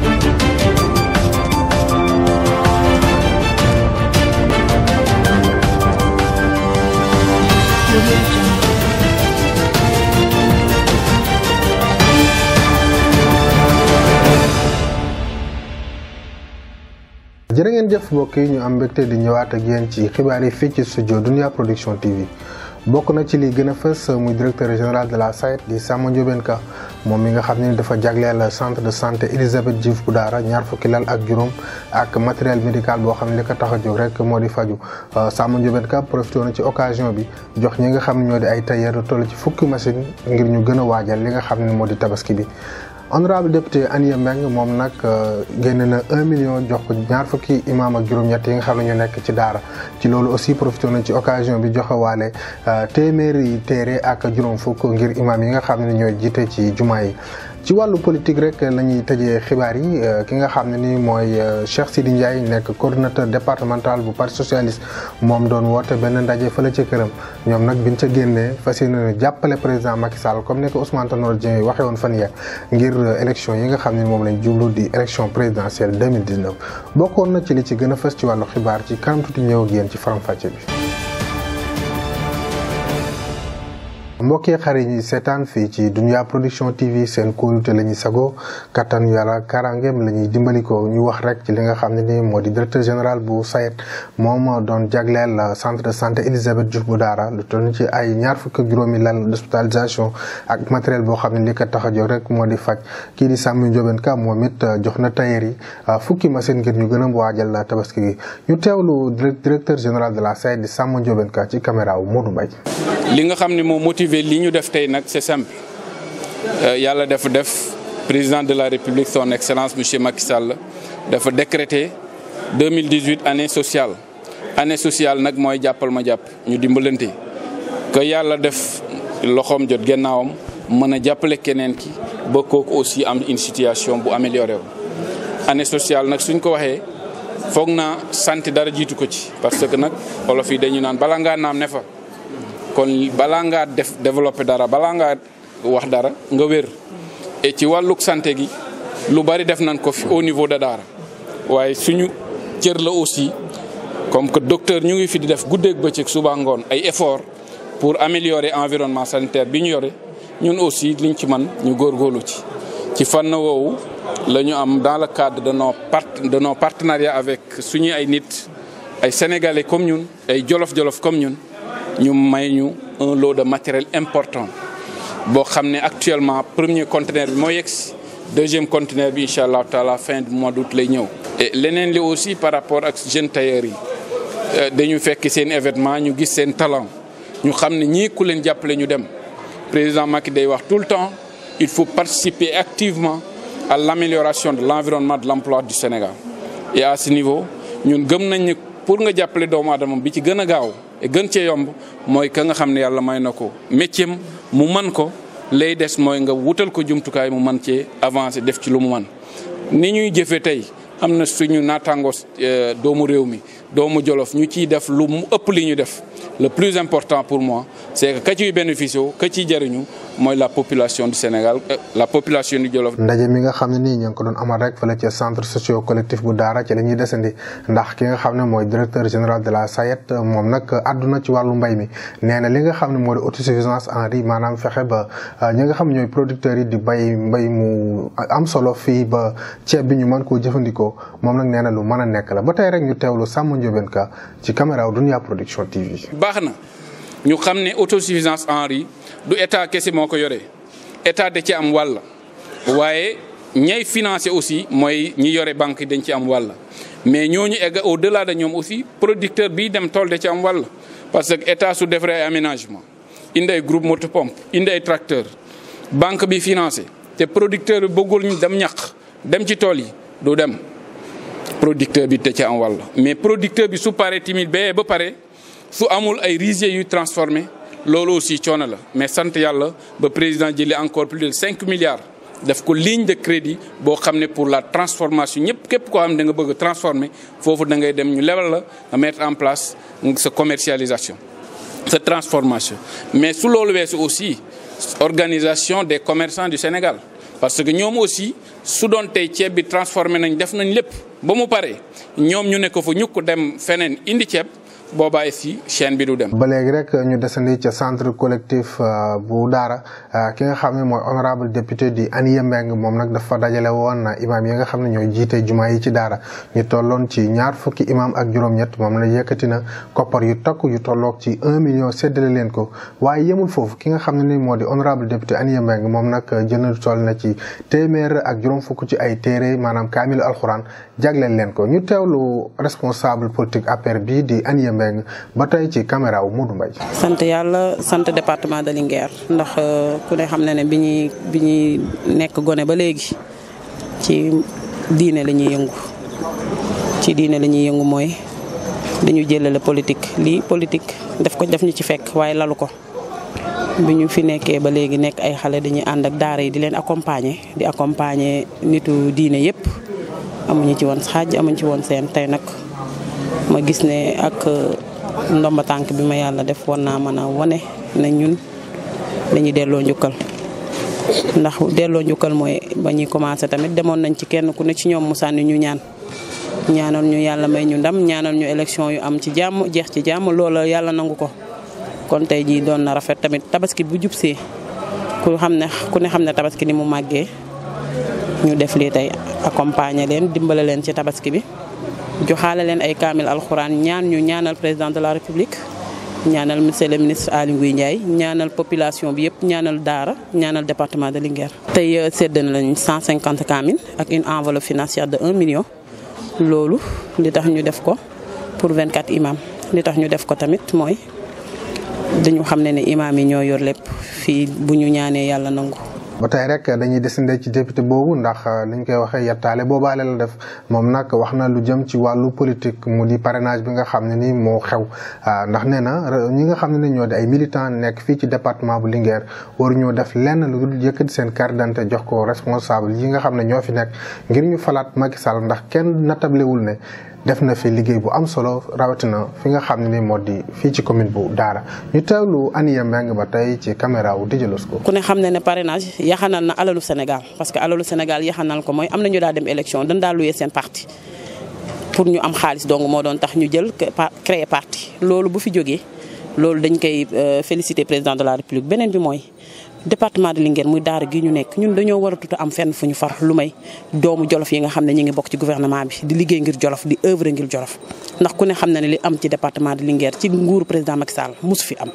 Thank you. jërë ngeen jëf mbokk yi ñu am mbégte di ñëwaat ak yéen ci xibaar yi fii ci studio Dunia Production TV bokk na ci li gën a fës muy directeur général de la SAED di Samba Ndiobène Ka moom mi nga xam ne dafa jagleel centre de santé Elisabeth Diouf bu Daara ñaar fukki lal ak juróom ak matériel médical boo xam ne li ko tax a jóg rek moo di faju euh, Samba Ndiobène Ka profité na ci occasion bi jox ñi nga xam ne ñoo di ay tailleur toll ci fukki machine ngir ñu gën a waajal li nga xam ne moo di tabaski bi honorable député Anie Mbengue moom nag euh, génne na un million jox ko ñaar fukki imaam a juróom-ñett yi nga xam ne ñu nekk ci daara ci loolu aussi profité nañ ci occasion bi joxe waale euh, téeméeri téere ak juróom fukk ngir imaam yi nga xam ne ñooy jiite ci jumaa yi ci wàllu politique rek la ñuy tëjee xibaar yi euh, ki nga xam ne ni mooy euh, Cheikh Sidi Ndiaye nekk coordinateur départemental bu parti socialiste moom doon woote benn ndaje fële ca këram ñoom nag bi biñ ca génnee fas yéene jàppale président Macky Sall comme ni ko Ousmane Tanor Dieng waxee woon fan ya ngir euh, élection yi nga xam ne moom lañ jublu di élection présidentielle 2019 bokkoon na ci li ci gën a fës ci wàllu xibaar ci kanam tuuti ñëw ak ci faram bi. mbokkee xarit yi seetaan fii ci Dunya Production TV seen kóolute la ñuy sago kattan yàlla karangeem la ñuy dimbali ko ñu wax rek ci li nga xam ne ni moo di directeur général bu SAED moom doon jagleel centre de santé Elisabeth Diouf bu Daara lu toll ci ay ñaar fukk ak juróomi lal d'hospitalisation ak matériel boo xam ne li ko tax a rek moo di faj kii di Samy Ndiobène Ka moom it euh, jox na tailleur yi euh, fukki machine ngir ñu gën a waajal tabaski ñu teewlu directeur général de la SAED di Samy Ka ci caméra wu Modou Mbaye arrivé li ñu def nag c'est simple Euh, Yalla def président de la république son excellence monsieur Macky Sall dafa décréter 2018 année sociale année sociale nag moy jàppal ma japp ñu dimbalante que Yalla def loxom jot gennawam mëna a jàppale keneen ki ba aussi am une situation bu améliorer. année sociale nag suñ ko waxé fogna naa dara jitu ko ci parce que nag olof yi dañu naan bala naam nefa kon balaa def développer dara balaa ngaa wax dara nga wér et ci wàllug santé gi lu bari def nan ko fi au niveau de dara waye suñu cër la aussi comme que docteur ñu ngi fi di def ak bëccëg suba ngone ay effort pour améliorer environnement sanitaire bi ñu yoré ñun aussi liñ ci man ñu góorgóorlu ci. ci fànn woowu la am dans le cadre de nos part de nos partenariats avec suñu ay nit ay sénégalais comme ñun ay jolof jolof comme ñun. Nous avons un lot de matériel important Nous avons actuellement actuellement premier conteneur bi moo deuxième conteneur bi à la fin du mois d'août et nous aussi par rapport à ak jeunes nous yi que c'est un événement ñu avons un talent Nous avons que nous ku leen nous ñu dem président Macky dit tout le temps il faut participer activement à l'amélioration de l'environnement de l'emploi du Sénégal et à ce niveau nous gëm nañ ne pour nga jàppale doomu gën cee yomb mooy ka nga xam ne yàlla may na ko métier mu man ko lay des mooy nga wutal ko jumtukaay mu man cee avancer def ci lu mu man ni ñuy jëfee tey am na suñu naataangoo euh, doomu réew mi doomu Jolof ñu ciy def lu mu ëpp li ñu def le plus important pour moi c'est que ka ciy bénéficié wu ka ciy jariñu mooy la population du Sénégal euh, la population du Jolof. ndaje mi nga xam ne nii ñu ko doon amal rek fële ca centre socio collectif bu Daara ci la ñuy desandi ndax ki nga xam ne mooy directeur général de la SAED moom nag àdduna ci wàllu mbay mi nee na li nga xam ne moo di autosuffisance en riz maanaam fexe ba euh, ñi nga xam ne ñooy producteurs yi di bay mbay mu am solo fii ba ceeb bi ñu mën koo jëfandikoo moom nag nee na lu mën a nekk la ba tey rek ñu teewlu sàmm Ndiobène Ka ci caméra Dunya Production TV. baxna ñu xamné autosuffisance en du état kese moko yoré état de ci am wàll wayé ñay financer aussi moy ñi yoré banque dañ ci am wàll mais ñoñu egg au delà de ñom aussi producteur bi dem tol da ci am wàll parce que état su defaree aménagement indi ay groupe moto pompe indi ay tracteur banque bi financé té producteur bëggul ñu dem ñaq dem ci tol yi do dem producteur bi en mais producteur bi su timide, timit bee ba paré su amul ay yu transformé lolo aussi la mais le yalla ba président a encore plus de 5 milliards de ko de crédit pour la transformation ñep kep ko xam nga transformer fofu da ngay ñu mettre en place cette commercialisation cette transformation mais su l'olvs aussi organisation des commerçants du Sénégal parce que nous aussi su doon tey ceeb bi transformé nañ def nañ lépp ba mu paree ñoom ñu ne ko fa ñukk dem feneen indi ceeb. boobaa si chaîne bi du dem. ba léegi rek ñu desandi ca centre collectif euh, bu Daara euh, ki nga xam ne mooy honorable député di Annie ngi moom nag dafa dajale woon imaam yi nga xam ne ñooy jiite jumaa yi ci Daara ñu tolloon ci ñaar fukki imaam ak juróom-ñett moom la yëkkati na koppar yu takk yu tolloog ci un million séddale leen ko waaye yemul foofu ki nga xam ne ni moo di honorable député Annie Mbengue moom nag jënd toll na ci téeméer ak juróom fukk ci ay téere maanaam kaamilu alxuraan jagleel leen ko ñu teewlu responsable politique APR bi di Annie Mbengue ba tey ci caméra wu Modou Mbaye sant yàlla sant département de Linguère ndax euh, ku ne xam na ne bi ñuy bi ñuy nekk gone ba léegi ci diine la yëngu ci diine la ñuy yëngu mooy dañu jëlale politique lii politique def ko def ñu ci fekk waaye lalu ko bi ñu fi nekkee ba léegi nekk ay xale dañuy ànd ak daara yi di leen accompagner di accompagner nitu diine yépp amuñu ci woon xaaj amuñu ci woon seen tey nag ma gis ne ak euh, ndomba tànk bi ma yàlla def war naa mën a wane ne ñun dañuy delloo njukkal ndax delloo njukkal mooy ba ñuy commencé tamit demoon nañ ci kenn ku ne ci ñoom mu sànni ñu ñaan ñaanal ñu yàlla may ñu ndam ñaanal ñu élection yu am ci jàmm jeex ci jàmm loola yàlla nangu ko kon tey jii doon na rafet tamit tabaski bu jub see ku xam ne ku ne xam ne tabaski ni mu màggee ñu def lii tey accompagner leen dimbale leen ci tabaski bi joxaale leen ay kaamil alxuraan ñaan ñu ñaanal président de la république ñaanal monsieur le ministre Aly Ngouille Ndiaye ñaanal population bi yëpp ñaanal daara ñaanal département de Linguère. tey sedd na lañ 150 kaamil ak une enveloppe financière de un million loolu li tax ñu def ko pour vingt 24 imam li tax ñu def ko tamit mooy dañu xam ne ne imam yi ñoo yor lépp fii bu ñu ñaanee yàlla nangu. ba tey rek dañuy descendre ci député boobu ndax euh, ñu koy waxee yattaale boobaale la def moom nag wax na lu jëm ci wàllu politique mu di parrainage bi nga xam ne ni moo xew euh, ndax nee na ñi nga xam ne ñoo de ay militants nekk fii ci département bu Linguère waruñoo def lenn lu dul yëkkati seen carte d'identité jox ko responsable yi nga xam ne ñoo fi nekk ngir ñu falaat Macky Sall ndax kenn natablewul ne def na fi liggéey bu am solo rawatina fi nga xam ne ni moo di fii ci commune bu Daara ñu teewlu Aniya Mbengue ba tey ci caméra wu Dijalosko. ku ne xam ne ne parrainage yaxanal na alalu Sénégal parce que alalu Sénégal yaxanal ko mooy am na ñu daa dem élection dañ daa loué seen parti pour ñu am xaalis donc moo doon tax ñu jël créer parti loolu bu fi jógee loolu dañ koy euh, féliciter président de la république beneen bi mooy département de Linguère muy daara gi ñu nekk ñun dañoo war a tuta am fenn fu ñu far lu may doomu jolof yi nga xam ne ñu ngi bokk ci gouvernement bi di liggéey ngir jolof di œuvre ngir jolof ndax ku ne xam na ne li am ci département de Linguère ci nguuru président Macky Sall mosu fi am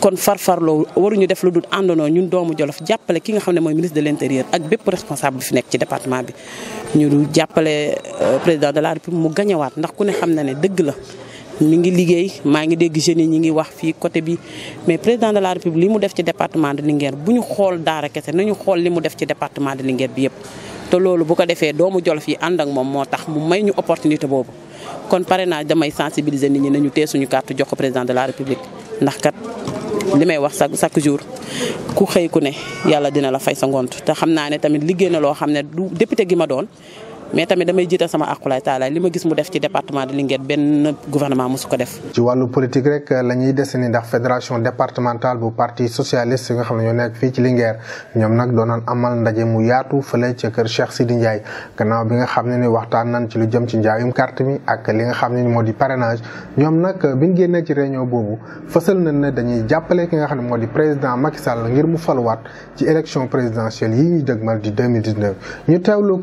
kon farfarloo waruñu def lu dul àndandoo ñun doomu jolof jàppale ki nga xam ne mooy ministre de l'intérieur ak bépp responsable fi nekk ci département bi ñu jàppale euh, président de la république mu gañewaat ndax ku ne xam na ne dëgg la mi ngi liggéey maa ngi dégg jeunes yi ñi ngi wax fii côté bi mais président de la république li mu def ci département de Linguère bu xool daara kese nañu xool li mu def ci département de Linguère bi yëpp. te loolu bu ko defee doomu Jolof yi ànd ak moom moo tax mu may ñu opportunité boobu kon pare naa damay sensibiliser nit ñi nañu tee suñu carte jox ko président de la république ndax kat li may wax chaque chaque jour ku xëy ku ne yàlla dina la fay sa ngont te xam naa ne tamit liggéey na loo xam ne du député gi ma doon. mais tamit damay jiital sama àqulaay taalaay li gis mu def ci département de Linguère benn gouvernement mosu ko def. ci wàllu politique rek euh, la ñuy dese ni ndax fédération départementale bu parti socialiste yi nga xam ne ñoo nekk fii ci Linguère ñoom nag doonoon amal ndaje mu yaatu fële ca kër Cheikh di Ndiaye gannaaw bi nga xam ne ni waxtaan nañ ci lu jëm ci njaayum carte mi ak li nga xam ne moo di parrainage ñoom nag euh, bi ñu génnee ci réunion boobu fësal nañ ne dañuy jàppale ki nga xam ne moo di président Macky Sall ngir mu faluwaat ci élection présidentielle yi ñuy dëgmal di 2019 ñu teewlu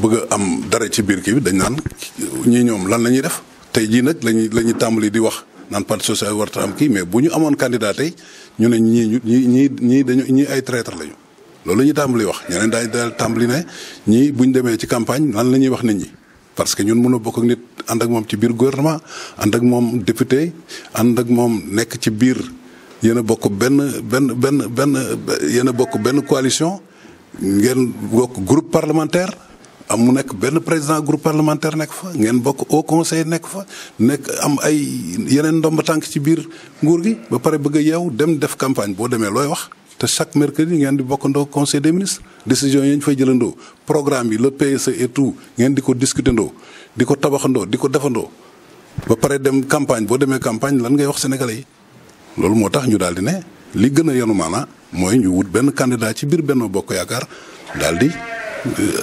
bëgg am dara ci biir ki bi dañ naan ñi ñoom lan lañuy def tay ji nak lañuy lañuy tambali di wax nan parti social warta am ki mais buñu amone candidat tay ñu ne ñi ñi ñi dañu ñi ay traiteur lañu loolu lañuy tambali wax ñeneen day dal tambali ne ñi buñ démé ci campagne lan lañuy wax nit ñi parce que ñun mëno bokk nit and ak mom ci biir gouvernement and ak mom député and ak mom nek ci biir yena bokk ben ben ben ben yena bokk ben coalition ngeen bokk groupe parlementaire am mu nekk benn président groupe parlementaire nekk fa ngeen bokk au conseil nekk fa nekk am ay yeneen ndomba tànk ci biir nguur gi ba pare bëgg a yeew dem def campagne boo demee looy wax. te chaque mercredi ngeen di bokkandoo conseil des ministres décision yi ñu fay jëlandoo programme yi le PSE et ngeen di ko discutandoo di ko tabaxandoo di ko defandoo ba pare dem campagne boo demee campagne lan ngay wax sénégalais yi. loolu moo tax ñu daal di ne li gën a yenu maanaa mooy ñu wut benn candidat ci biir Benno Bokk Yaakaar daal di.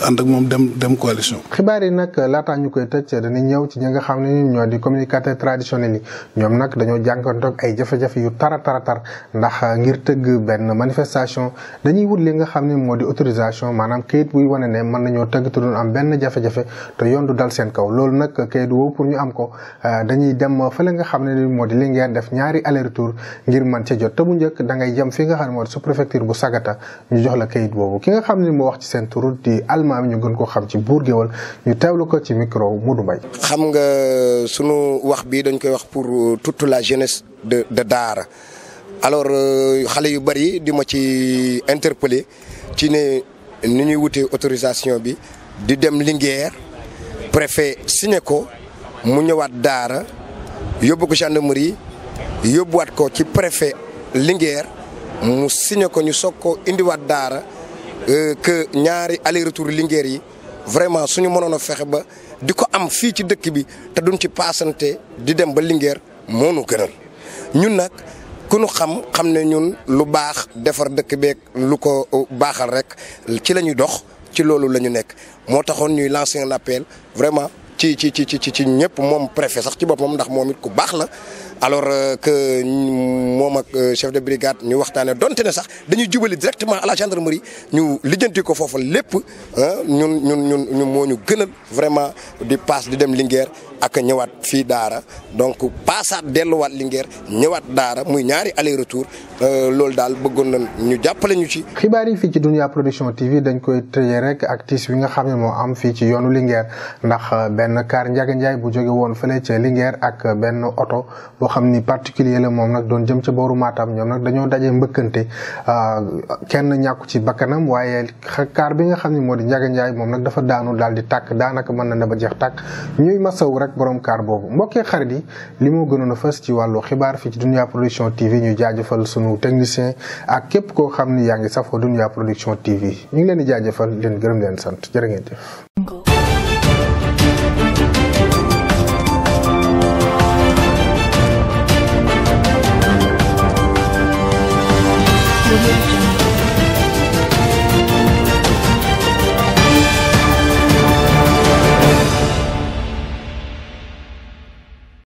ànd ak moom dem dem coalition. xibaar yi nag laataa ñu koy tëj dañuy ñëw ci ñi nga xam ne ñoo di communicateur traditionnel yi ñoom nag dañoo jànkontoog ay jafe-jafe yu tara tara tar ndax ngir tëgg benn manifestation dañuy wut li nga xam ne moo di autorisation maanaam kayit buy wane ne mën nañoo tëgg te am benn jafe-jafe te yoon dal seen kaw loolu nag kayit woowu pour ñu am ko euh, dañuy dem fële nga xam ne moo di li def ñaari aller ngir mën ca jot te bu njëkk da ngay jëm fi nga xam ne moo di sous préfecture bu Sagata ñu jox la ki nga moo wax ci seen tur di ci ñu gën ko xam ci buur ñu tawlu ko ci micro Modou Mbaye xam nga suñu wax bi dañ koy wax pour euh, toute la jeunesse de de Daara alors euh, xalé yu bari di ma ci interpeller ci né ni ñuy wuté autorisation bi di dem Linguère préfet signé ko mu ñëwaat Daara yobbu ko gendarmerie yobbu wat ko ci préfet Linguère mu signé ko ñu soog indi indiwaat dara Euh, que ñaari aller retour Linguère yi vraiment suñu mënoon a fexe ba di ko am fii ci dëkk bi te duñ ci paasante di dem ba Linguère moonu gënal ñun nag ku ñu xam xam ne ñun lu baax defar dëkk beeg lu ko euh, baaxal rek ci la ñuy dox ci loolu la ñu nekk moo taxoon ñuy lancer un appel vraiment ci ci ci ci ci ñëpp moom préfet sax ci boppam ndax moom it ku baax la alors euh, que moi euh, chef de brigade ñu waxtane donte na sax dañu jubali directement à la gendarmerie ñu lijjanti ko foofu lépp hein, ñun ñun ñun ñun moo gënal vraiment di passe di dem Linguère ak ñëwaat fi Daara donc paasaat delluwaat Linguère ñëwaat Daara muy ñaari aller retour euh, lool dal bëggon na ñu jappalé ñu ci. xibaar yi fii ci Dunya Production TV dañ koy tëjee rek ak tiis bi nga xamné mo am fi ci yoonu Linguère ndax ben car Ndiaga Ndiaye bu joggé woon fële ci Linguère ak ben auto boo xam ni particulier la moom nag doon jëm ca booru maatam ñoom nag dañoo daje mbëkkante ah, kenn ñàkku ci bakkanam waaye kaar bi nga xam ni moo di Njaga Njaay moom nag dafa daanu daal di tàkk daanaka mën na na ba jeex tàkk ñuy masawu rek borom kaar boobu mbokkee xarit yi li moo gënoon a fës ci wàllu xibaar fii ci Dunya Production TV ñuy jaajëfal sunu technicien ak képp koo xam ni yaa ngi safoo Dunya Production TV ñu ngi leen di jaajëfal leen gërëm leen sant jërë ngeen